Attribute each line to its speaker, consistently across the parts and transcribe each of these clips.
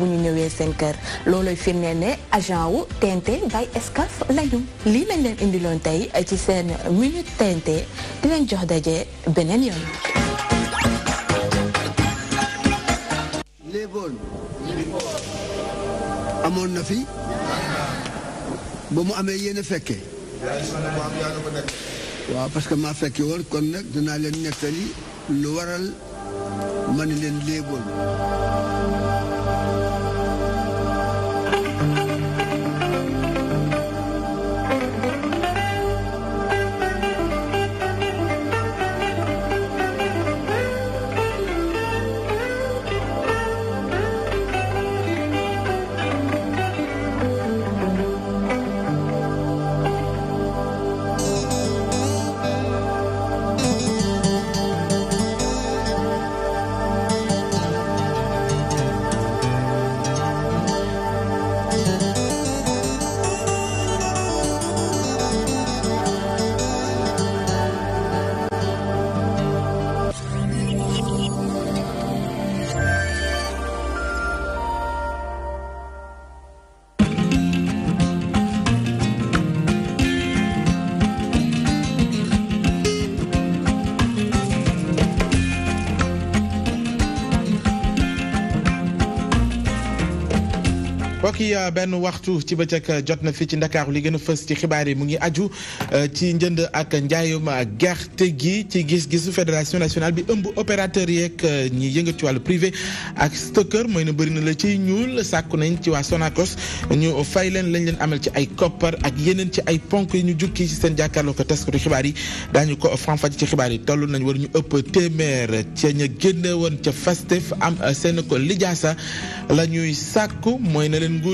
Speaker 1: bu ñu ñëwee seen kër looloy firndee ne agent wu TNT by Excaf lañu lii lañ leen indiloon tey ci seen minute TNT di leen jox daje beneen yoon.
Speaker 2: léegoon amoon na fi ba mu amee yéen a waaw parce que maa fekkee woon kon nag naa leen nettali lu waral ma ne leen léeboon
Speaker 3: ki euh, benn waxtu ci bëccëg euh, jot na fi ci ndakaaru li gën a fës ci xibaar yi mu ngi aju euh, ci njënd ak njaayum gerte gi ci gis-gisu fédération nationale bi ëmb opérateur yeeg ñi yëngat ci wàllu privé ak stockeur mooy na bëri na la ci ñuul sàkku nañ ci waa Sonacos ñu fay leen lañ leen ameel ci ay koppar ak yeneen ci ay ponk yi ñu jukki ci seen jàkkaarloo ko taskatu xibaar yi daañu ko faramfàcce ci xibaar yi toll nañ war ñu ëpp téeméer ca ña woon ca Fastef am seen ko lijaasa la sàkku mooy na leen nguur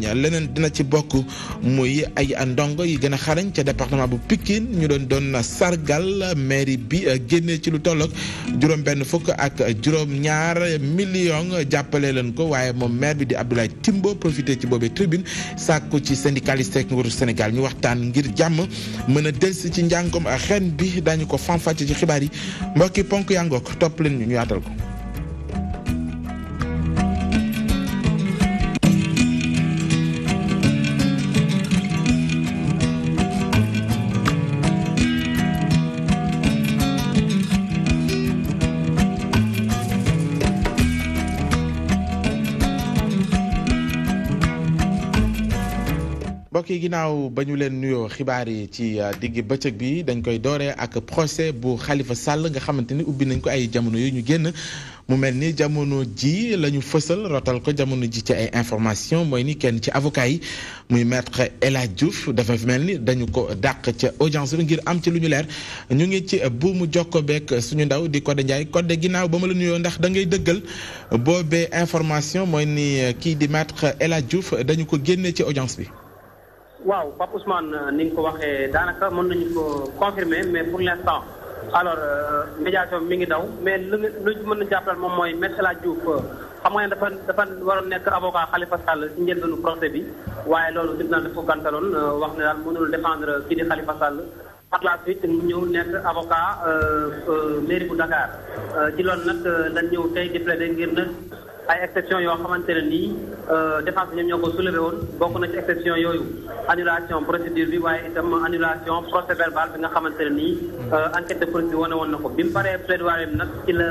Speaker 3: nañ leneen dina ci bokk muy ay ndongo yi gën a xarañ ca département bu Pikine ñu doon doon na sargal mairie bi euh, génnee ci lu tolloog juróom benn fukk ak juróom ñaar million jàppale leen ko waaye moom maire bi di Abdoulaye Timbo profité ci boobee tribune sàkku ci syndicaliste ak nguuru Sénégal ñu waxtaan ngir jàmm mën a delsi ci njàngom xen bi dañu ko fanfàcce ci xibaar yi mbokki ponk yangook topp leen ñu ñu yaatal ko mbokk yi ginnaaw ba ñu leen nuyoo xibaar yi ci euh, digg bëccëg bi dañ koy dooree ak procès bu Khalifa Sall nga xamante ni ubbi nañ ko ay jamono yu ñu génn mu mel ni jamono ji la fësal rotal ko jamono ji ci ay information mooy ni kenn ci avocat yi muy maître El Diouf dafa mel ni dañu ko dàq ca audience bi ngir am ci lu ñu leer ñu ngi ci buumu jokko suñu ndaw di Codé Ndiaye Codé ginnaaw ba ma la nuyoo ndax da ngay dëggal boobee information mooy ni kii di maître El Diouf dañu ko ci audience bi.
Speaker 4: waaw Pape Ousmane euh, ni nga ko waxee daanaka mën nañu ko confirmer mais pour l' instant alors euh, médiation mi ngi daw mais lu lu mën a jàppal moom mooy maître El Hadj Diouf euh, xam nga ne dafa dafa waroon nekk avocat Khalifa Sall ci njëlbeenu procès bi waaye loolu tribunal dafa gàntaloon wax ne daal mënul défendre kii di Khalifa Sall par la suite mu ñëw nekk aboka mairie bu Dakar ci loolu nag dañ ñëw tey di plaider ngir na ay exception yoo xamante ne nii euh, défense ñoom ñoo ko soulevé woon bokk na ci exception yooyu annulation procédure bi waaye itam annulation procès verbal bi nga xamante ne nii euh, enquête de police bi wane woon na ko bi mu paree plaidoyer bi nag ci la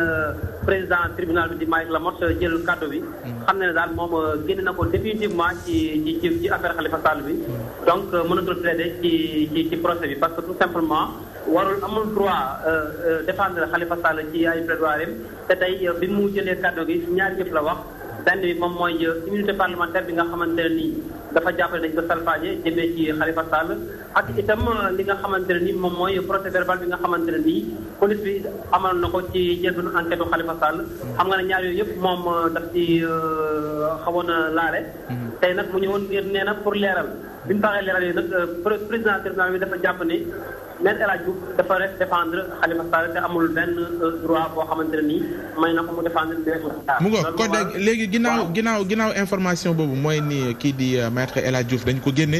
Speaker 4: président tribunal bi di Malick Lamotte jël kàddu bi xam ne ne daal moom euh, génn na ko définitivement ci ci ci affaire Khalifa Sall bi donc mënatul plaider ci ci ci procès bi parce que tout simplement warul amul droit euh, euh, défendre Khalifa Sall ci ay plaidoiries te tey euh, bi mu jëlee kàddu gi ñaar yëpp la wax ten bi moom mooy immunité parlementaire bi nga xamante ne nii dafa jàppale dañ ko salfaaje jëmee ci Khalifa Sall ak itam li nga xamante ne nii moom mooy procès verbal bi nga xamante ne nii police bi amal na ko ci njëlbeenu enquête bu Khalifa Sall xam nga ne ñaar yëpp moom daf ci xawoon a laale. Mm-hmm. tey nag mu ñëwoon ngir nee na pour leeral. bi mu baaxee leeral yi nag euh, président tribunal bi dafa te amul benn euh, droit boo xamante nii mu défendre mu ngoog
Speaker 3: léegi ginnaaw ginnaaw ginnaaw information boobu mooy nii kii di euh, maître El Hadj Diouf dañ ko génne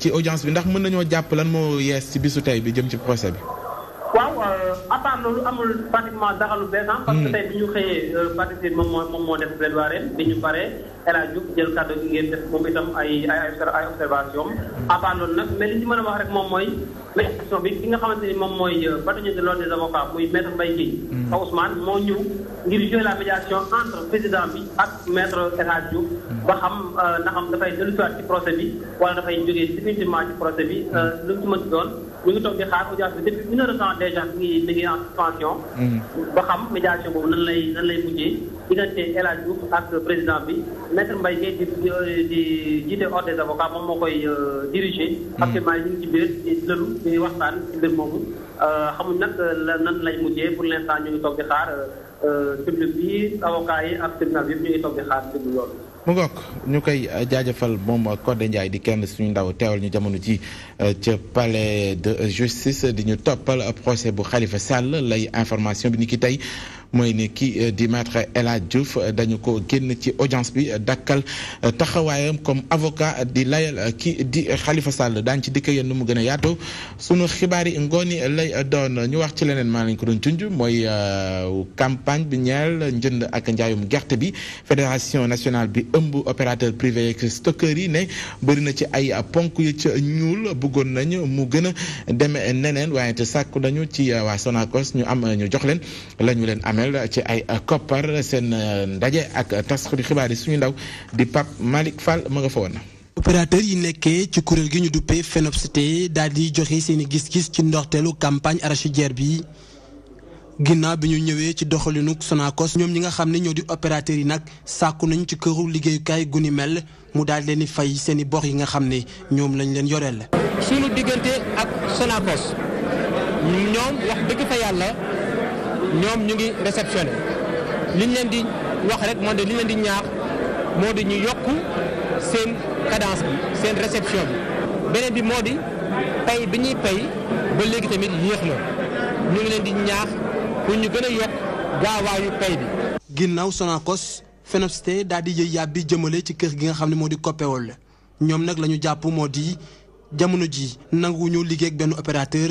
Speaker 3: ci audience bi ndax mën nañoo jàpp lan moo yees ci bisu tey bi jëm ci procès bi.
Speaker 4: loolu amul pratiquement dara lu bees ah. parce que hmm. tey bi ñu xëyee euh, parti moom moo moom moo def plaidoirie bi ñu paree El Hadj Diouf jël kàddu gi ngeen def moom itam ay ay ay observation hmm. à part loolu nag mais li mën a wax rek moom mooy médiation bi ki nga xamante ni moom mooy euh, batañu de l'ordre des avocats muy maître Mbaye Guèye hmm. fa Ousmane moo ñëw ngir jouer la médiation entre président bi ak maître El Hadj ba xam euh, na xam dafay dellusiwaat ci procès bi wala dafay jógee définitivement ci procès bi lu ci ci doon ñu ngi toog di xaar audience bi depuis une heure de temps déjà mi ngi mi ngi en mm-hmm. ba xam médiation boobu nan lay nan lay mujjee diggante El Hadj Diouf ak président bi maître Mbaye Guèye di di jiite ordre des avocats moom moo koy euh, diriger. Mm-hmm. actuellement ñu ngi ci biir di lëlu di waxtaan ci mbir moomu euh, xamuñ nag la nan lay mujjee pour l'instant ñu ngi toog di xaar euh, public bi avocat yi ak tribunal bi yëpp ñu ngi toog di xaar ci loolu.
Speaker 3: mu ngook ñu koy euh, jaajëfal moom Codé Ndiaye di kenn suñu ndaw teewal ñu jamono ci euh, ca palais de justice di ñu toppal procès bu xalifa Sall lay information bi ni ki tey mooy ni kii euh, di maître El a Diouf euh, dañu ko génn ci audience bi euh, dakkal taxawaayam comme avocat di layal kii di xalifa Sall daañu ci dikk yéen mu gën a yaatoo sunu xibaar yi ngooni lay doon ñu wax ci leneen maa lañ ko doon junj mooy campagne bi ñeel njënd ak njaayum gerte bi fédération nationale bi ëmb opérateur privé yeeg stockeurs yi ne bëri na ci ay ponk yu ca ñuul bëggoon nañu mu gën a demee neneen waaye te sàkku nañu ci waa Sonacos ñu am ñu jox leen lañu leen mel ci ay euh, koppar seen euh, ndaje ak euh, taskatu xibaar yi suñu ndaw di Pape Malick Fall ma nga fa woon. opérateur yi nekkee ci kuréel gi ñu duppee FENOPST daal di
Speaker 5: joxe seeni gis-gis ci ndorteelu campagne arachidière bi ginnaaw bi ñu ñëwee ci doxalinuk Sonacos ñoom ñi nga xam ne ñoo di opérateur yi sàkku nañ ci këru liggéeyukaay gu ni mel mu daal leen di fay seen i bor yi nga xam ne ñoom lañ leen yoreel.
Speaker 6: suñu diggante ak Sonacos ñoom wax dëgg fa yàlla. ñoom ñu ngi réceptionné liñ leen di wax rek moo di liñ leen di ñaax moo di ñu yokk seen cadence bi seen réception bi beneen bi moo di pay bi ñuy
Speaker 5: pay ba léegi tamit yéex na ñu ngi leen di ñaax pour ñu gën a yokk gaawaayu pay bi. ginnaaw Sonacos FENOPST daal di yëy yàbbi jëmale ci kër gi nga xam ne moo di la ñoom nag la ñu jàpp moo di jamono ji nanguwuñu liggéey ak benn opérateur.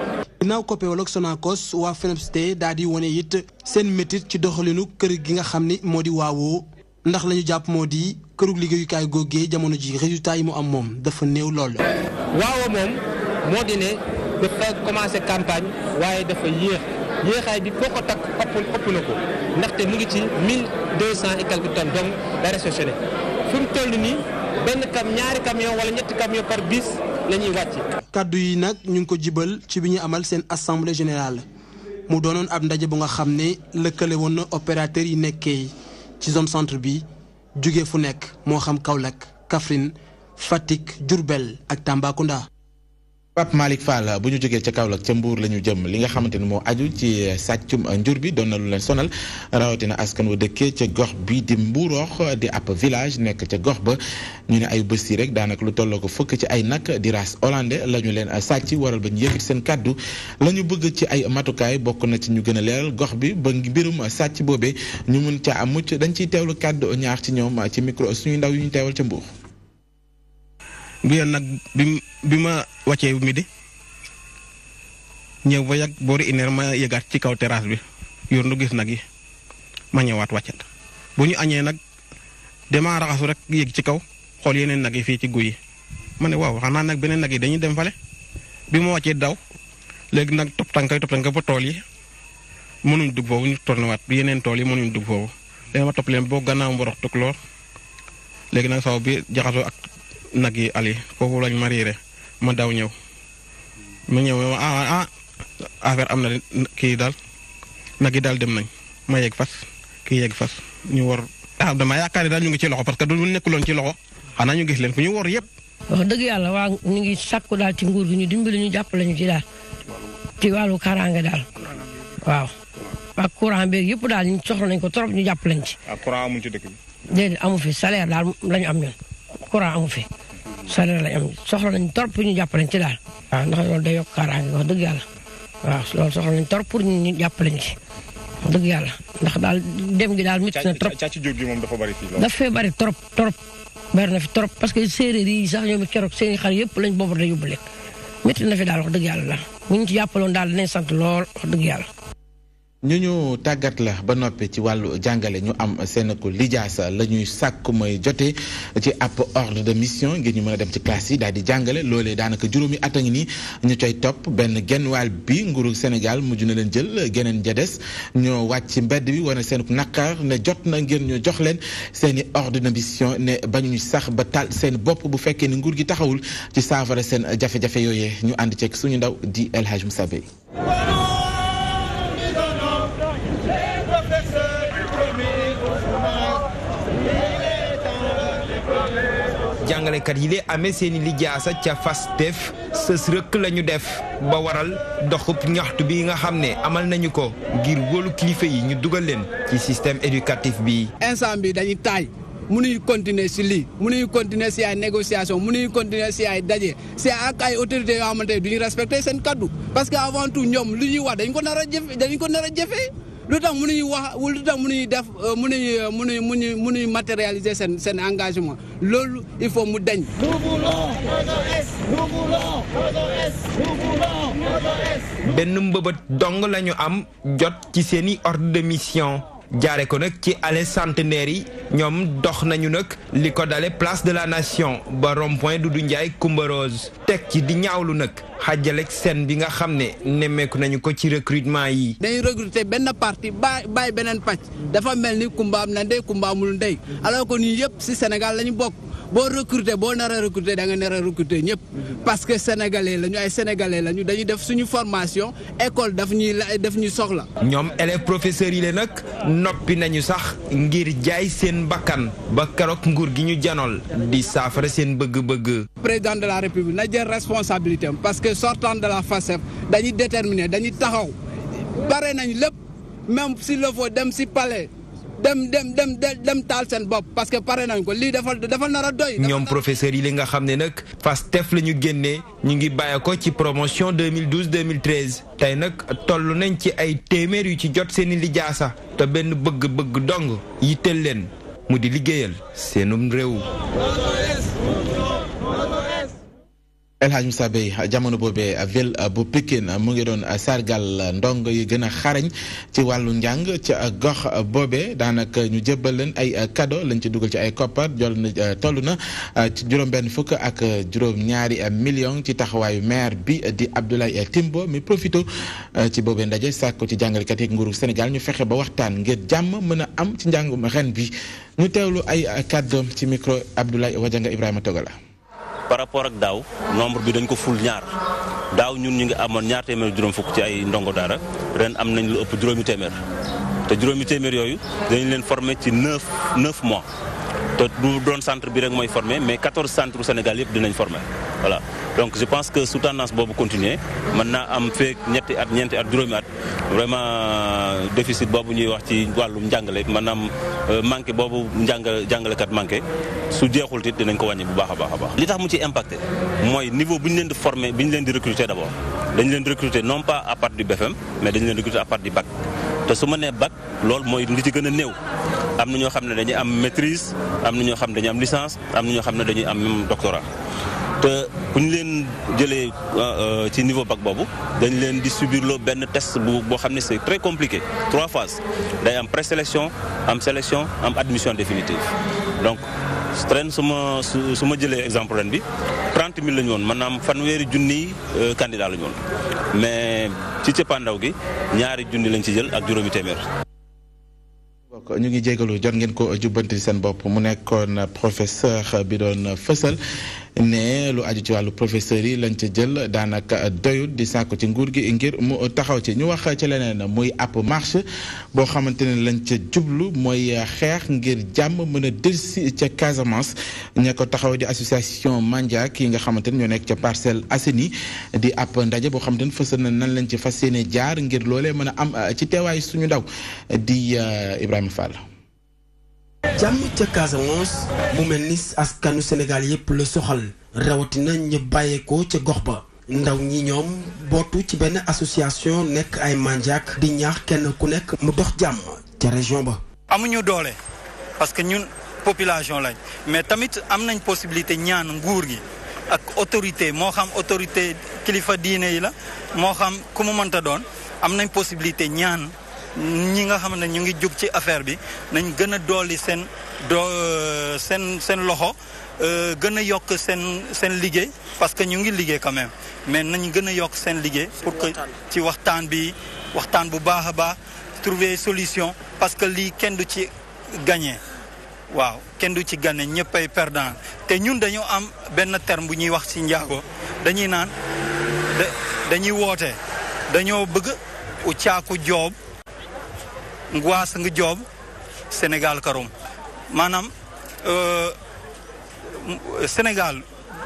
Speaker 5: ginnaaw COPEOL ak Sonacos waa FNAPST daal di wane it seen métit ci doxaliinu kër gi nga xam ni moo di waawoo ndax lañu jàpp moo di këru liggéeyukaay googee jamono ji résultat yi mu am moom dafa néew lool. waawoo moom
Speaker 6: moo di ne dafa commencé campagne waaye dafa yéex yéexaay bi foo ko takk ëpp na ko ndaxte mu ngi ci mille deux cent et quelques tonnes donc benn cam ñaari camion wala ñetti camion par bis.
Speaker 5: kàddu yi nag ñu ngi ko jibal ci bi ñu amal seen assemblée générale mu doonoon ab ndaje bu nga xam ne lëkkale woon na opérateurs yi nekkee ci zone centre bi jóge fu nekk moo xam Kaolack Kaffrine Fatick jurbel ak Tambacounda.
Speaker 3: Pape Malick Fall bu ñu jógee ca Kaolack ca mbuur la ñu jëm li nga xamante ni moo aju ci sàccum njur bi doon na lu leen sonal rawatina askan wa dëkkee ca gox bi di Mbuuroox di ab village nekk ca gox ba ñu ne ay bës yi rek daanaka lu tolloo ko fukk ci ay nag di race hollandais la ñu leen sàcc waral ba ñu yëkkati seen kàddu la ñu bëgg ci ay matukaay bokk na ci ñu gën a leeral gox bi ba mbirum sàcc boobee ñu mun ca mucc dañ ciy teewlu kàddu ñaax ci ñoom ci micro suñuy ndaw yu ñu teewal ca Mbour. bu nag bi bi ma wàccee midi ñëw ba yàgg boori ineer ma yegaat ci kaw terrasse bi yor nu gis nag yi ma ñëwaat wàccat bu ñu añee nag demaa raxasu rek yéeg ci kaw xool yeneen nag yi fii ci guy yi ma ne waaw xanaa nag beneen nag yi dañuy dem fale bi ma wàccee daw léegi nag topp tànkay topp tànkay ba tool yi mënuñ dugg foofu ñu tornewaat yeneen tool yi mënuñ dugg foofu dama topp leen boo gannaaw mborox tukloor léegi nag saw bi jaxasoo ak Nagi Ali foofu lañ ma riire ma daw ñëw ma ñëw ah, ah ah affaire amna na kii daal nag yi dem nañ ma yegg fas kii yegg fas ñu war ah dama yaakaar ne daal ñu ngi ci loxo parce que du nekkuloon ci loxo xanaa ñu gis leen fu ñu war yëpp.
Speaker 1: wax dëgg yàlla waa ñu ngi sàkku daal ci nguur gi ñu dimbali ñu jàppale ñu ci daal ci wàllu kaaraange daal waaw. ak courant beeg yëpp daal ñu soxla nañ ko trop ñu jàppale ñu ci.
Speaker 7: Ah, courant amuñ ci dëkk bi.
Speaker 1: déedéet amu fi salaire daal lañu am ñun courant amu fi. salaire lañ am soxla nañ torop pour ñu jàppale ci daal waaw ndax loolu day yokk kaaraange wax dëgg yàlla waaw daal dem gi daal métti na trop càcc
Speaker 7: jur gi fee bari
Speaker 1: trop bari na fi trop parce que séeréer yi sax ñoom keroog seen i xar yëpp lañ boobu da yóbbu lekk métti na fi daal wax dëgg yàlla daal bu ñu ci jàppaloon daal dinañ sant lool wax dëgg yàlla
Speaker 3: ñu ñu tàggat la ba noppi ci wàllu jàngale ñu am seen ko lijaasa la ñuy sàkk mooy jote ci ab ordre de mission ngir ñu mën a dem ci classe yi daal di jàngale loolee daanaka juróomi at a ñu coy topp benn genn wàll bi nguuru Sénégal mujj na leen jël geneen ja des ñoo wàcc mbedd bi wane seen naqar ne jot na ngir ñu jox leen seen i ordre de mission ne bañuñu sax ba taal seen bopp bu fekkee ni nguur gi taxawul ci saafara seen jafe-jafe yooyee ñu ànd ceeg suñu ndaw di El Hadj
Speaker 8: jàngalekat yi lee amee seen i lijaasa ca FASTEF sës la ñu def ba waral doxub ñaxtu bi nga xam ne amal nañu ko ngir wóolu kilifa yi ñu dugal leen ci système éducatif bi.
Speaker 2: instant bi dañuy taay mënuñu continuer si lii mënuñu continuer si ay négociation mënuñu continuer si ay daje si ak ay autorités yoo xamante ne du ñu respecté seen kaddu parce que avant tout ñoom lu ñuy wax dañ ko nar jëfe lu tax mënuñu wax lu mu mënuñu def mu mu mu mënuñu mu mënuñu matérialiser seen seen engagement loolu il faut mu dañ.
Speaker 8: benn mbëbët dong lañu am jot ci seeni ordre de mission jaare ko nak ci allée centenaire yi ñoom dox nañu nak liko dalé place de la nation ba rond point Doudou Ndiaye Coumba Rose teg ci di ñaawlu nak xàjjaleeg seen bi nga xamné ne nañu ko ci recrutement yi.
Speaker 2: dañuy recruter benn parti bay bàyyi beneen pàcc dafa melni Kumba am na ndey Kumba amul ndey alors que ñu yépp ci Sénégal lañu bok bo recruter bo nara recruter da nga nara a recruter parce que sénégalais lañu ay sénégalais lañu dañuy def suñu formation école daf ñuy daf ñuy soxla.
Speaker 8: ñom élèves professeurs yi la nak noppi nañu sax ngir jaay seen bakkan ba keroog nguur gi ñu janol di saafara seen bëgg-bëgg.
Speaker 2: président de la république na jël responsabilité am parce que sortant de la FASEF dañuy déterminer dañuy taxaw bare nañ lépp même s'il le faut dem si palais. dem dem dem dem taal seen bopp parce que pare nañ ko lii dafa dafa nar a doy.
Speaker 8: ñoom professeurs yi li nga xam ne nag FASTEF la ñu génnee ñu ngi bàyyi ko ci promotion 2012 2013 tey nag toll nañ ci ay téeméer yu ci jot seeni lijaasa te benn bëgg-bëgg dong yi yitteel leen mu di liggéeyal
Speaker 3: seenum réew. El Hadj Moussa jamono boobee ville bu Pikine mu ngi doon sargal ndongo yi gën a xarañ ci wàllu njàng ca gox boobee daanaka ñu jébbal leen ay cadeau lañ ci dugal ci ay koppar jol na toll na ci juróom fukk ak juróom-ñaari million ci taxawaayu maire bi di Abdoulaye Timbo mi profito ci boobee ndaje sàkku ci jàngalekat yi nguuru Sénégal ñu fexe ba waxtaan ngir jàmm mën a am ci njàngum ren bi ñu teewlu ay kàddoom ci micro Abdoulaye Wadianga Ibrahima la
Speaker 9: par rapport ak daaw nombre bi dañ ko ful ñaar daaw ñun ñu ngi amoon ñaar téeméer juróom fukk ci ay ndongo dara ren am nañ lu ëpp juróomi téeméer te juróomi téeméer yooyu dañu leen former ci neuf neuf mois te du doon centre bi rek mooy former mais quatorze centre Sénégal yëpp dinañ former voilà. donc je pense que su tendance boobu continuer Maintenant, am fek ñetti at ñenti at juróomi at vraiment déficit bobu ñuy wax ci jangale manam maanaam euh, bobu jangale jangale kat manqué su jeexul tit dinañ ko wañi bu baax a baax li tax mu ci impacté moy niveau buñ ñu leen di former bu leen di recruter d'abord, dañ dañu leen recruter non pas à part du BFM mais dañ leen recruter à part du bac te suma ma bac lool moy li ci gëna a am na ñoo xam ne dañuy am maîtrise am na ñoo xam ne dañuy am licence am na ñoo xam ne dañuy am même doctorat te bu ñu leen jëlee euh, euh, ci niveau bac boobu dañ leen distribuer loo benn test bu boo xam ne c'est très compliqué trois phases day am présélection am sélection am admission définitive donc ren su suma su jëlee exemple ren bi trente mille la ñu woon maanaam fanweeri junni euh, candidat la ñu woon mais ci cëppaandaw gi ñaari junni lañ ci jël ak juróomi téeméer.
Speaker 3: ñu ngi jégalu jot ngeen ko jubbanti seen bopp mu nekkoon professeur bi doon fësal. ne lu aju ci wàllu professeurs yi lañ ca jël daanaka doyut di sàkku ci nguur gi ngir mu taxaw ci ñu wax ci leneen muy ab marche boo xamante ne lañ ca jublu mooy xeex ngir jàmm mën a si ca Casamance ña ko taxaw di association Mandiak yi nga xamante ne ñoo nekk ca parcelle Assainies di ab ndaje boo xamante ne fësal na nan lañ ci fas yéene jaar ngir loolee mën a am ci teewaay suñu ndaw di euh, Ibrahima Fall. jàmm ca Casamance
Speaker 5: mu mel ni askanu Sénégal yépp la soxal rawatina ñu bàyyeekoo ca gox ba ndaw ñi ñoom bootu ci benn association nekk ay manjaak di ñaax kenn ku nekk mu dox jàmm ca région ba.
Speaker 10: amuñu doole parce que ñun population lañ mais tamit am nañ possibilité ñaan nguur gi. ak autorité moo xam autorité kilifa diine yi la moo xam ku mu mënta doon am nañ possibilité ñaan ñi nga xam ne ñu ngi jóg ci affaire bi nañ gën a dolli seen doo euh, seen seen loxo euh, gën a yokk seen seen liggéey parce que ñu ngi liggéey quand mais nañ gën a yokk seen liggéey pour que ci waxtaan bi waxtaan bu baax a baax trouver solution parce que lii kenn du ci gagné waaw kenn du ci gagné ñëppay perdant te ñun dañoo am benn terme bu ñuy wax ci njaago dañuy naan dañuy woote dañoo bëgg u caaku joob nguwaasa ngu jom sénégal karom maanaam euh, sénégal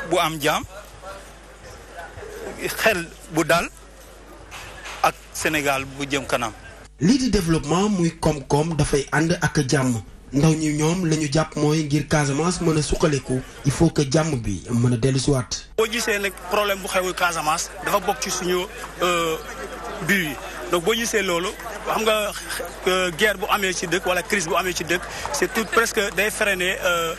Speaker 10: bu am jaam xel bu dal ak sénégal bu jëm kanam
Speaker 5: lii di développement muy koom-koom dafay ànd ak jàmm ndaw ñi ñoom lañu jàpp mooy ngir Casamance mën a suqaliku il faut que jàmm bi mën a dellu
Speaker 7: boo gisee nag problème bu xewul Casamance dafa bokk ci suñu euh, biir yi donc boo gisee loolu xam nga euh, ger bu amee ci dëkk wala crise bu amee ci dëkk c'est presque day freiné ne euh,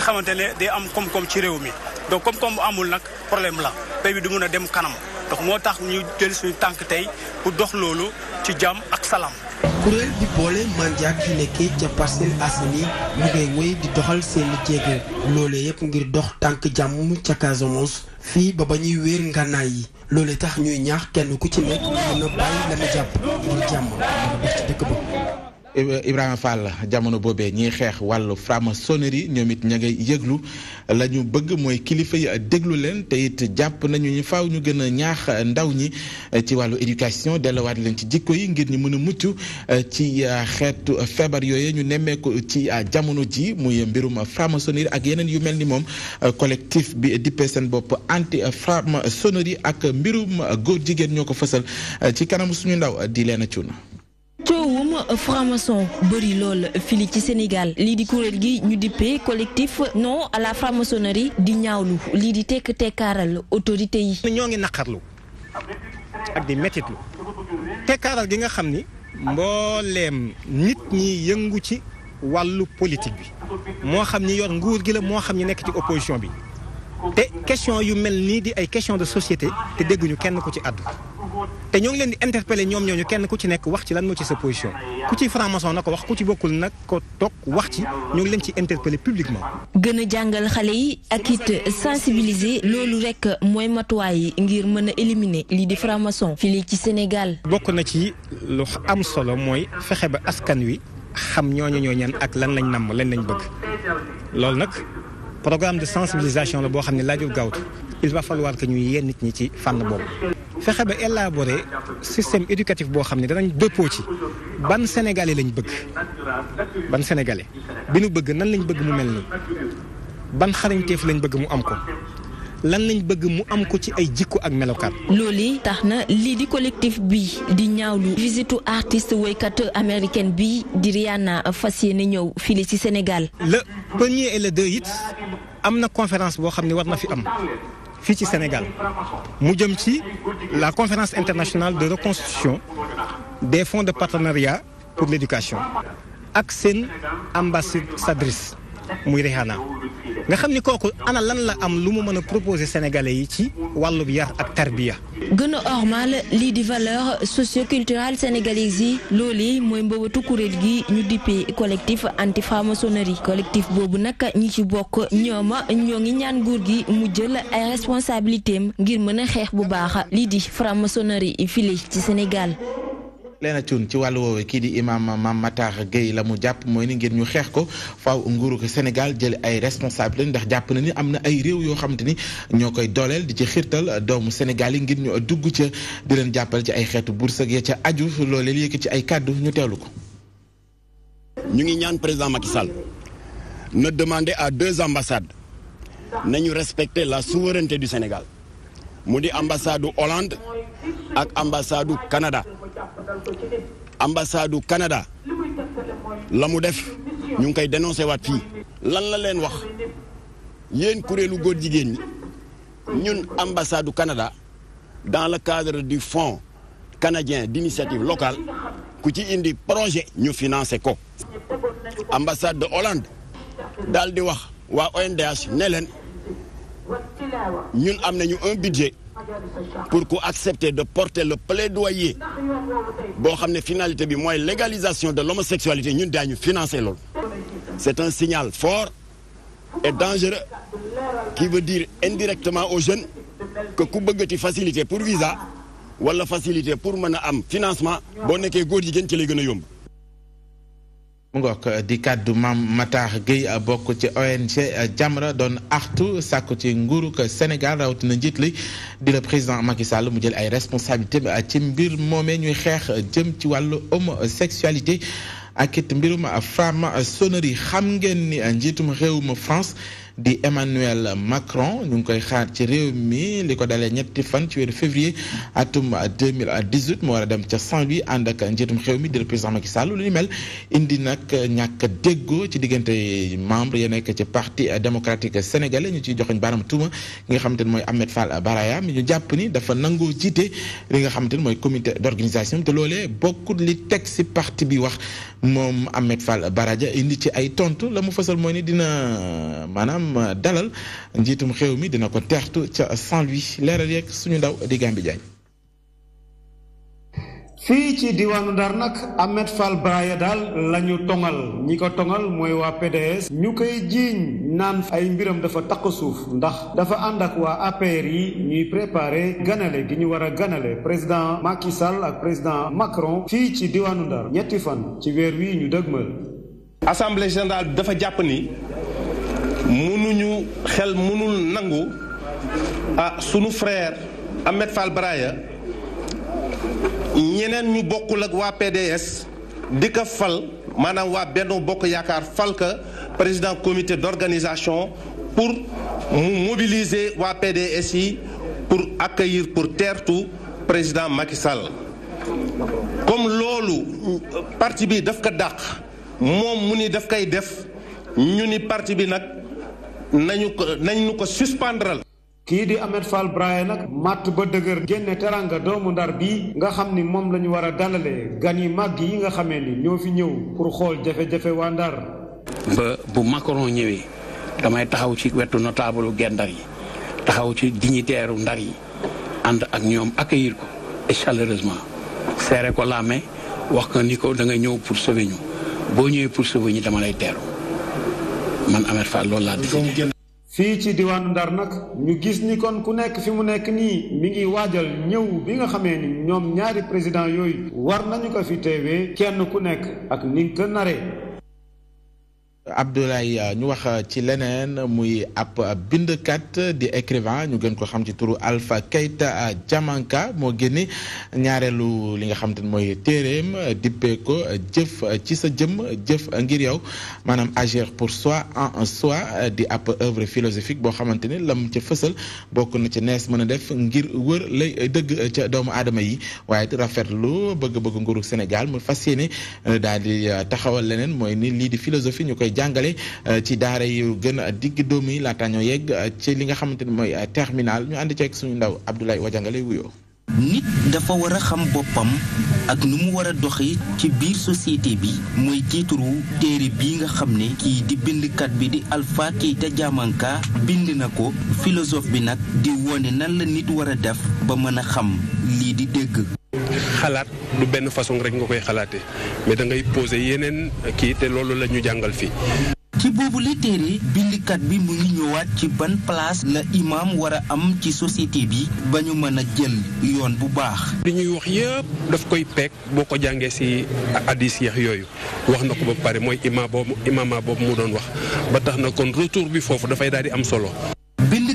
Speaker 7: xamante ne day am koom-koom ci réew mi donc koom-koom bu amul nag problème la pays bi du mun a dem kanam ndox moo tax ñu jël suñu tànk tey bu dox loolu ci jàmm ak
Speaker 11: salaam.
Speaker 5: kuréel bi boole manjaak yi nekkee ca Parcelles Assainies ñu ngay wéy di doxal seen jéego loolee yëpp ngir dox tànk jàmm ca Casamance. fii ba ba ñuy wéer ngànnaay yi loolu tax ñuy ñaax kenn ku ci nekk mën na bàyyi la
Speaker 11: mu jàpp ngir jàmm ci dëkk
Speaker 3: ba Ibrahima Fall jamono boobee ñiy xeex wàllu franc-maçonnerie ñoom it ña ngay yëglu la ñu bëgg mooy kilifa yi déglu leen te it jàpp nañu ñu faw ñu gën a ñaax ndaw ñi ci wàllu éducation delluwaat leen ci jikko yi ngir ñu mën a mucc eh, ci eh, xeetu feebar yooye ñu nemmeeku ci eh, jamono ji muy mbirum franc-maçonnerie ak yeneen yu mel ni moom collectif bi dippee seen bopp anti franc-maçonnerie ak mbirum góor jigéen ñoo ko fësal ci kanam suñu ndaw di leen a cuuna
Speaker 1: Euh, franc-maçon bëri fili ci Sénégal L'idée di kuréel gi ñu dippee collectif non à la franc-maçonnerie di ñaawlu li di tek tekkaaral autorité yi. ñoo ngi
Speaker 7: nakarlu ak di mettitlu tekkaaral gi nga xamni mbollem nit ñi yëngu ci walu politique bi moo xam ñi yor nguur gi la moo xam ñi nekk ci opposition bi te question yu mel nii di ay question de société te dégguñu kenn ko ci àddu te ñoo ngi leen di interpeller ñoom ñooñu kenn ku ci nekk wax ci lan moo ci sa position ku ci franc-maçon na ko wax ku ci bokkul nag ko toog wax ci ñoo ngi leen ci interpeller publiquement.
Speaker 1: gën a jàngal xale yi ak it sensibiliser loolu rek mooy matuwaay ngir mën a éliminer lii di franc-maçon fii ci Sénégal.
Speaker 7: bokk na ci lu am solo mooy fexe ba askan wi xam ñooñu ñoo ak lan lañ namm lan lañ bëgg loolu nag programme de sensibilisation la boo xam ne laajul gaawtu il va falloir que ñuy yenn nit ñi ci fànn boobu. fexe ba élaborer système éducatif boo xam ne danañ dëppoo ci ban sénégalais lañ bëgg ban sénégalais bi nu bëgg nan lañ bëgg mu mel nii ban xarañteef lañ bëgg mu am ko. lan lañ bëgg mu am ko ci ay jikko ak melokaan.
Speaker 1: loolu tax na lii di collectif bi di ñaawlu visitu artiste woykat américaine bi di Rihanna fas yéene ñëw fii ci Sénégal.
Speaker 7: le premier et le deux it am na conférence boo xam ne war na fi am fii ci Sénégal mu jëm ci la conférence internationale de reconstruction des fonds de partenariat pour l'éducation ak ambassade ambassadrice muy Rihanna nga xam ni kooku ana lan la am lu mu mën a proposer sénégalais yi ci wàllub yar ak tarbiya
Speaker 1: gën a ormal lii di valeur socioculturelle sénégalaise yi loolee mooy mbëbëtu kuréel gi ñu dippee collectif anti-franc-maçonnerie collectif boobu nag ñi ci bokk ñooma ñoo ngi ñaan nguur gi mu jël ay responsabilités ngir mën a xeex bu baax lii di franc-maçonnerie file ci Sénégal.
Speaker 3: leena cun ci wàllu woowe kii di imaam Mame Matar Gueye la mu jàpp mooy ni ngir ñu xeex ko faaw nguuru ko Sénégal jël ay responsabilité ndax jàpp na ni am na ay réew yoo xamante ni ñoo koy dooleel di ci xirtal doomu Sénégal yi ngir ñu dugg ca di leen jàppale ci ay xeetu bourse ya ca aju loolee yëkk ci ay kàddu ñu teewlu ko
Speaker 11: ñu ngi ñaan président Macky Sall na demander à deux ambassades nañu respecter la souveraineté du Sénégal mu di ambassade Hollande ak ambassade Canada ambassadu Canada la mu def ñu ngi koy dénoncé waat fii lan la leen wax yéen kuréelu góor jigéen ñi ñun ambassadu Canada dans le cadre du fonds canadien d'initiative locale ku ci indi projet ñu financé ko ambassade de Hollande daal di wax waa ONDH ne leen ñun am nañu un budget pour qu'on accepte de porter le plaidoyer pour que finalité légalisation de l'homosexualité nous daañu financer l'homme. c'est un signal fort et dangereux qui veut dire indirectement aux jeunes que ku facilité pour visa la facilité pour le financement boo nekkee que jigéen
Speaker 3: ci lay mu ngook uh, di kaddu Mame Matar Gueye uh, bokk ci ONG uh, Jamra doon artu sàkku ci nguurug Sénégal rawatina njiit li di la président Macky Sall mu jël ay responsabilité ci mbir moomee ñuy xeex jëm ci wàllu homosexualité ak it mbirum femme sonnerie xam ngeen ni njiitum réewum France di Emmanuel Macron ñu ngi koy xaar ci réew mi li ko dalee ñetti fan ci weeru février atum 2018 mu war a dem ca Saint-Louis ànd ak njiitum xew mi di le président Macky Sall lu ni mel indi nag ñàkk déggoo ci diggante membre ya nekk ci parti démocratique sénégalais ñu ciy joxoñ baram tuuma nga xamante ne mooy Ahmed Fall Baraya mi ñu jàpp ni dafa nangoo jiite li nga xamante ne mooy comité d'organisation te loolee bokkut li teg si parti bi wax moom Ahmed Fall Baraja indi ci ay tontu la mu fësal mooy ni dina maanaam itam euh, dalal njiitum xew mi dina ko teertu ca Saint-Louis leeral yeeg suñu ndaw di Gambi Diagne
Speaker 12: fii ci diwaanu Ndar nag
Speaker 7: Ahmed Fall Braya daal lañu ñu ñi ko toŋal mooy waa PDS ñu koy jiiñ naan ay mbiram dafa taq suuf ndax dafa ànd ak waa APR yi ñuy prépare ganale gi ñu war a ganale président Macky Sall ak président Macron fii ci diwaanu Ndar ñetti fan ci weer wii ñu dëgmal. assemblée générale dafa jàpp ni Nous xel mënul nangu frère Ahmed Fall Braya ñeneen ñu bokkul PDS fal président comité d'organisation pour mobiliser waa PDS pour accueillir pour président Macky comme loolu parti bi daf ko dàq moom parti nañu ko nañ ñu ko suspendral kii di Ahmed Fall Braye nag màtt ba dëgër génne teranga doomu ndar bi nga xam ni moom la ñu war a dalalee gan yi màgg yi nga xamee ni ñoo fi ñëw pour xool jafe-jafe waa ndar
Speaker 11: ba bu Macron ñëwee damay taxaw ci wetu notable gen ndar yi taxaw ci dignitaire u ndar yi ànd ak ñoom accueillir ko et chaleureusement serré ko la wax ko ni ko da nga ñëw pour sauver ñu boo ñëwee pour sauver ñu dama lay teeru man Ameth Fall loolu laa def.
Speaker 7: fii ci diwaanu Ndar nag ñu gis ni kon ku nekk fi mu nekk nii mi ngi waajal ñëw bi nga xamee ni ñoom ñaari président yooyu war nañu ko fi teewee kenn ku nekk ak ni nga ko
Speaker 3: Abdoulaye euh, ñu wax euh, ci leneen muy bind euh, bindkat di écrivain ñu gën ko xam ci turu Alpha Keita Diamanka moo génne ñaareelu li nga xam te mooy téeréem dippee jëf ci sa jëm jëf ngir yow maanaam agir pour soi en soi di ab œuvre philosophique boo xamante ni lam ca fësal bokk na ci nees mën a def ngir wër lay dëgg ca doomu aadama yi waaye rafetlu bëgg-bëgg nguuru Sénégal mu fas daal di taxawal leneen mooy ni lii di philosophie ñu koy jàngale euh, ci daara yu gën a digg dóom yi laataa ñoo yegg euh, ci li nga xamante ne mooy euh, terminal ñu ànd ceeg suñu ndaw Abdoulaye Wajangale wuyoo
Speaker 12: nit dafa war a xam boppam ak nu mu war a doxee ci biir société bi mooy tiituru téere bii nga xam ne kii di bindkat bi di Alpha te Diamanka bind na ko philosophe bi nag di wone nan la nit war a def
Speaker 5: ba mën a xam lii di dégg xalaat du benn façon rek nga koy xalaatee mais da ngay poser yeneen kii te loolu lañu jàngal fii.
Speaker 12: ci boobu la téere bindkat bi mu ngi ñëwaat ci ban place la imaam war a am ci société bi ba ñu
Speaker 5: mën a jël yoon bu baax. li ñuy wax yëpp daf koy peeg boo ko jàngee si addis yeex yooyu wax na ko ba pare mooy imaam boobu imaama boobu mu doon wax ba tax na kon retour bi foofu dafay daal di am solo.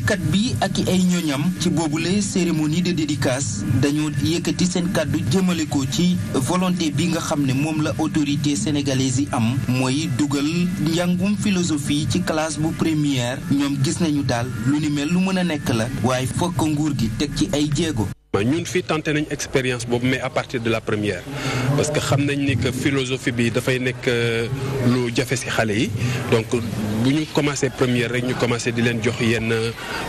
Speaker 12: kat bi ak ay ñooñam ci boobu boobule cérémonie de dédicace dañoo yëkkati seen kàddu jëmale ko ci volonté bi nga xam ne moom la autorité sénégalaise yi am mooy dugal njàngum philosophie ci classe bu première ñoom gis nañu daal lu ni mel lu mën a nekk la
Speaker 5: waaye fokk nguur gi teg ci ay jéego. Bah, ñun fi tenté nañ expérience boobu mais à partir de la première parce que xam nañ ni que philosophie bi fay nek euh, lu jafé ci xalé yi donc bu ñu commencé première rek ñu commencé di len jox yenn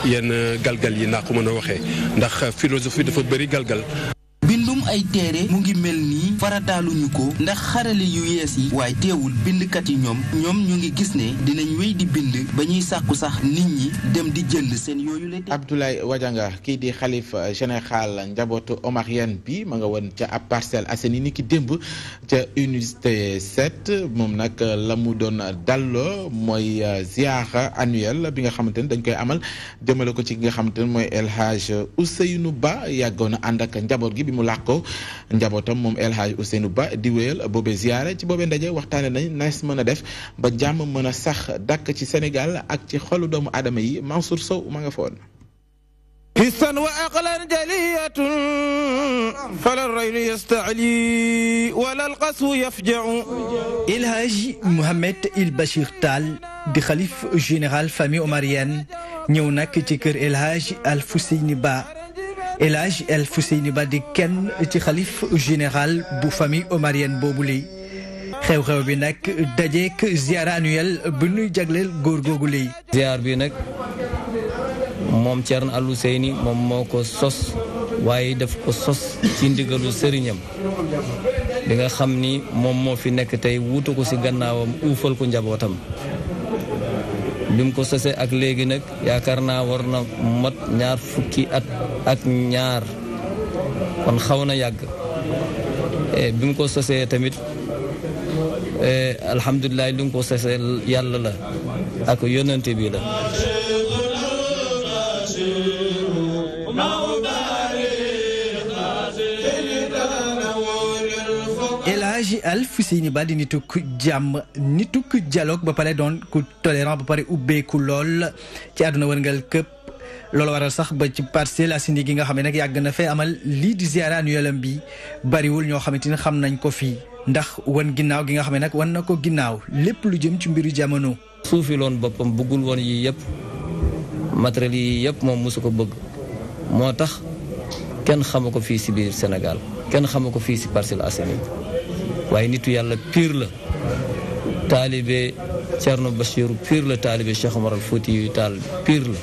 Speaker 5: yenn galgal yi na ko mën waxé ndax
Speaker 11: philosophie dafa bëri galgal.
Speaker 12: mbindum ay téere mu ngi mel nii farataaluñu ko ndax xarale yu yees yi waaye teewul bindkat yi ñoom ñoom ñu ngi gis ne dinañ wéy di bind
Speaker 3: ba ñuy sàkku sax nit ñi dem di jënd seen yooyu la Abdoulaye kii di xalif général njabootu Omarien bi ma nga woon ca ab Parcelles Assainies ni ki démb ca unité set moom nag la mu doon dalloo mooy euh, ziara annuel bi nga xamante ne dañ koy amal demale ko ci ki nga xamante ne mooy El Hadj Ousseynou Ba yàggoon na ànd njaboot gi bi lako njabotam mom El Hadj Ousseynou Ba di weyel bobé ziaré ci bobé ndaje waxtane nañ nais mën def ba jàmm mën sax dak ci Sénégal ak ci xolu doomu adama yi Mansour Sow ma nga foon حسا وعقلا جلية فلا الرين يستعلي ولا القسو
Speaker 13: يفجع الهاج محمد البشير تال di xalif général famille omarienne ñëw nag ci kër El Hadj Alfouseyni Ba El Haj El Fusseini Badi Ken est khalif général بوبولي la famille Omarienne Bobouli. خيو خيو بينك دجيك زيارة نويل بنو جغلل غورغو
Speaker 14: غولي زيار بينك موم تيرن اللو سيني موم موكو سوس واي دفكو سوس تيندقلو سرينيام دينا خمني موم مو في نك تاي ووتوكو سي غناوام اوفل bi ko sosee ak léegi nag yaakaar naa war na mot ñaar fukki at ak ñaar kon xaw na yàgg eh, bi mu ko sosee tamit eh, alhamdulilah li mu ko sosee yàlla la ak yonante bi
Speaker 13: Alfousseyni Ba di nituk jàmm nituk dialogue ba pare doon ku tolérant ba pare ubbeeku lool ci àdduna wërngal këpp loolu waral sax ba ci Parcelles Assainies gi nga na amal lii di ziara annuelam bi bariwul ñoo xamante ni xam nañ ko fii ndax wan ginnaaw gi nga xam lu jëm ci mbiru jamono. suufi loon boppam
Speaker 14: bëggul woon yii yëpp matériel yi yëpp moom mosu ko bëgg moo tax kenn xamu ko fii si biir waaye nitu yàlla piir la taalibe Cerno Bachiru piir la taalibe Cheikh Omar al Fouti yu taal piir la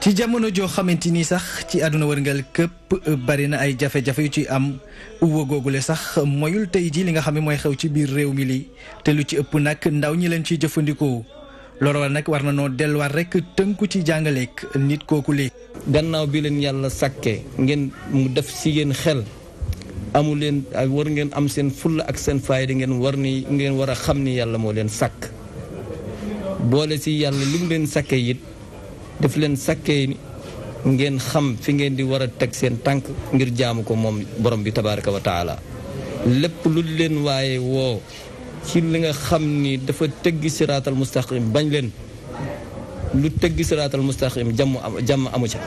Speaker 14: ci jamono joo xamante ni sax ci àdduna wërngal
Speaker 13: këpp bari na ay jafe-jafe yu ci am uwa googule sax moyul tey jii li nga xam ne mooy xew ci biir réew mi li te lu ci ëpp nag ndaw ñi leen ciy jëfandikoo loolu nag war na noo
Speaker 14: delluwaat rek tënku ci jàngaleek nit kooku léegi. gannaaw bi leen yàlla sàkke ngeen mu def si yéen xel amul leen war ngeen am seen fulla ak seen da ngeen war ni ngeen war a xam ni yàlla moo leen sàkk boole si yàlla li mu leen sàkkee it daf leen sàkkee ni ngeen xam fi ngeen di war a teg seen tànk ngir jaamu ko moom borom bi tabaraka wa taala lépp lu leen waaye woo ci li nga xam ni dafa tëggi siraatal mustaqim bañ leen lu tëggi siraatal mustaqim jàmm amu ci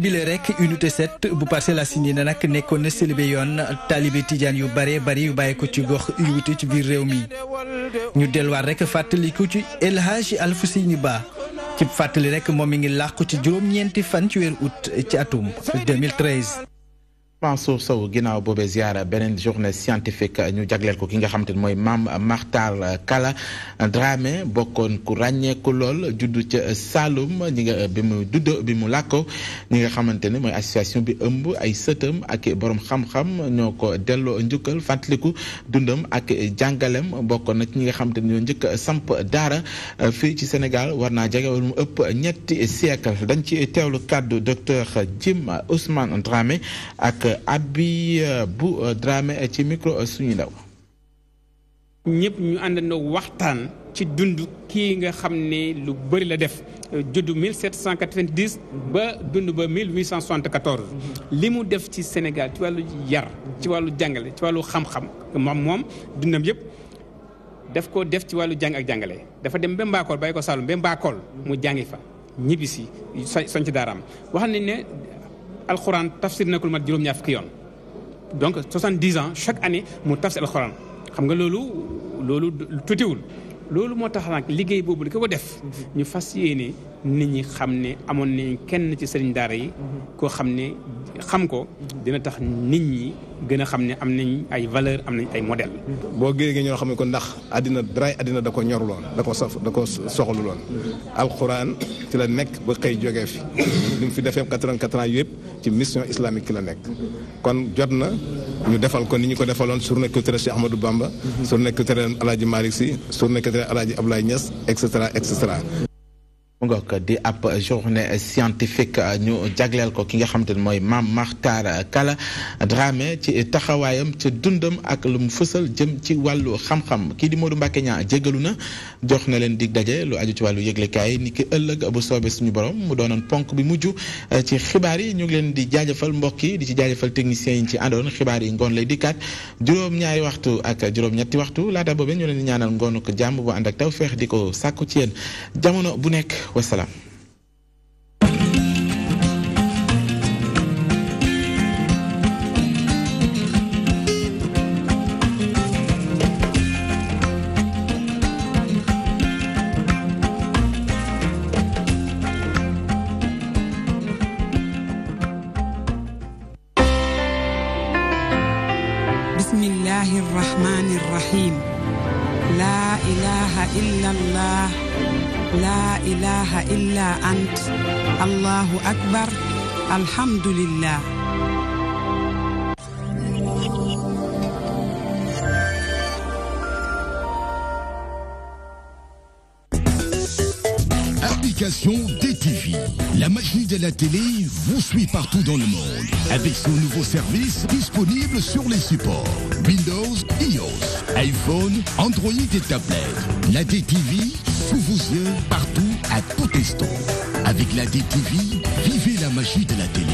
Speaker 14: bile rek
Speaker 13: unité set bu Parcelles Assainies ne nag nekkoon na sëlbe yoon taalibe tijaan yu bare bari yu bàyyi ko ci gox yu wute ci biir réew mi ñu delluwaat rek fàttaliku ci El Hadji Alfousseyni baa ci fàttali rek moom mi ngi làqu ci juróom-ñeenti fan ci weeru août ci atum
Speaker 3: Mansour Sow ginnaaw boobee ziara beneen journée scientifique ñu jagleel ko ki nga xamante ni mooy Mame Makhtar Kala Dramé bokkoon ku ràññeeku lool juddu ca Saloum ñi nga bi mu judd bi mu làkko ñi nga xamante ni mooy association bi ëmb ay sëtam ak boroom xam-xam ñoo ko delloo njukkal fàttaliku dundam ak jàngalem bokkoon nag ñi nga xamante ni ñoo njëkk samp daara fii ci Sénégal war naa jege wala mu ëpp ñetti siècle dañ ci teewlu kàddu docteur Jim Ousmane Dramé ak. Abi euh, bu euh, Dramé euh, ci micro suñu daw
Speaker 6: ñëpp ñu àndandoo waxtaan ci dund kii nga xam ne lu bëri la def juddu 1790 ba dund ba 1874 li mu def ci Sénégal ci wàllu yar ci wàllu jàngale ci wàllu xam-xam moom moom dundam yëpp def ko def ci wàllu jàng ak jàngale dafa dem ba Mbakol bàyyi ko Saloum ba Mbakol mu jàngi fa ñibbisi soñ ci daaraam wax nañ ne alxuraan tafsir nekkul mat juróom-ñaar fukki yoon donc 70 ans chaque année mu tafsir alquran xam nga loolu loolu tuutiwul loolu moo tax nag liggéey boobu li ko def ñu fas yéene nit ñi xam ne amoon nañ kenn ci sëriñ daara yi mhm. koo xam ne xam ko mhm. dina tax nit ñi gën a xam ne am nañ ay valeur am nañ ay
Speaker 7: modèle mhm. boo géegee ñoo xam ne ko ndax àddina daraay àddina da ko ñoruloon da ko saf da ko soxlu loon alxuraan ci la nekk ba xëy jógee fi li mu fi defee quatre-vingt-quatre ans yëpp ci mission islamique ki la nekk kon jot na ñu defal ko ni ñu ko defaloon journée culturelle Cheikh
Speaker 3: Ahmadou Bamba journée culturelle Alaaji Malick Sy journée culturelle Alaaji Abdoulaye Niass et cetera et cetera mu nga ko di ab journée scientifique euh, ñu jagleel ko ki nga xamante ne mooy Mame Makhtar Kala Dramé ci taxawaayam ca dundam ak lu mu fësal jëm ci wàllu xam-xam kii di Modou Mbacké ñaa jégalu na jox na leen dig daje lu aju ci wàllu yëglekaay ni ki ëllëg bu soobee suñu borom mu doonoon ponk bi mujj euh, ci xibaar yi ñu ngi leen di jaajëfal mbokk yi di ci jaajëfal techniciens yi ci àndoon xibaar yi ngoon lay dikkaat juróom-ñaari waxtu ak juróom-ñetti waxtu laata boobee ñu leen di ngoonu ko jàmm bu ànd ak taw feex di ko sàkku ci yéen jamono bu nekk والسلام
Speaker 2: بسم الله الرحمن الرحيم لا اله الا الله « La ilaha illa ant allahu akbar alhamdulillah
Speaker 11: Application DTV. La magie de la télé vous suit partout dans le monde avec son nouveau service disponible sur les supports Windows, iOS, iPhone, Android et tablette. La DTV sous vos yeux, partout, à tout instant. Avec la DTV, vivez la magie de la télé.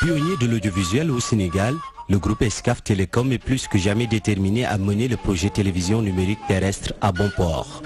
Speaker 5: Pionnier de l'audiovisuel au Sénégal, le groupe Escaf Télécom est plus que jamais déterminé à mener le projet télévision
Speaker 9: numérique terrestre à bon port.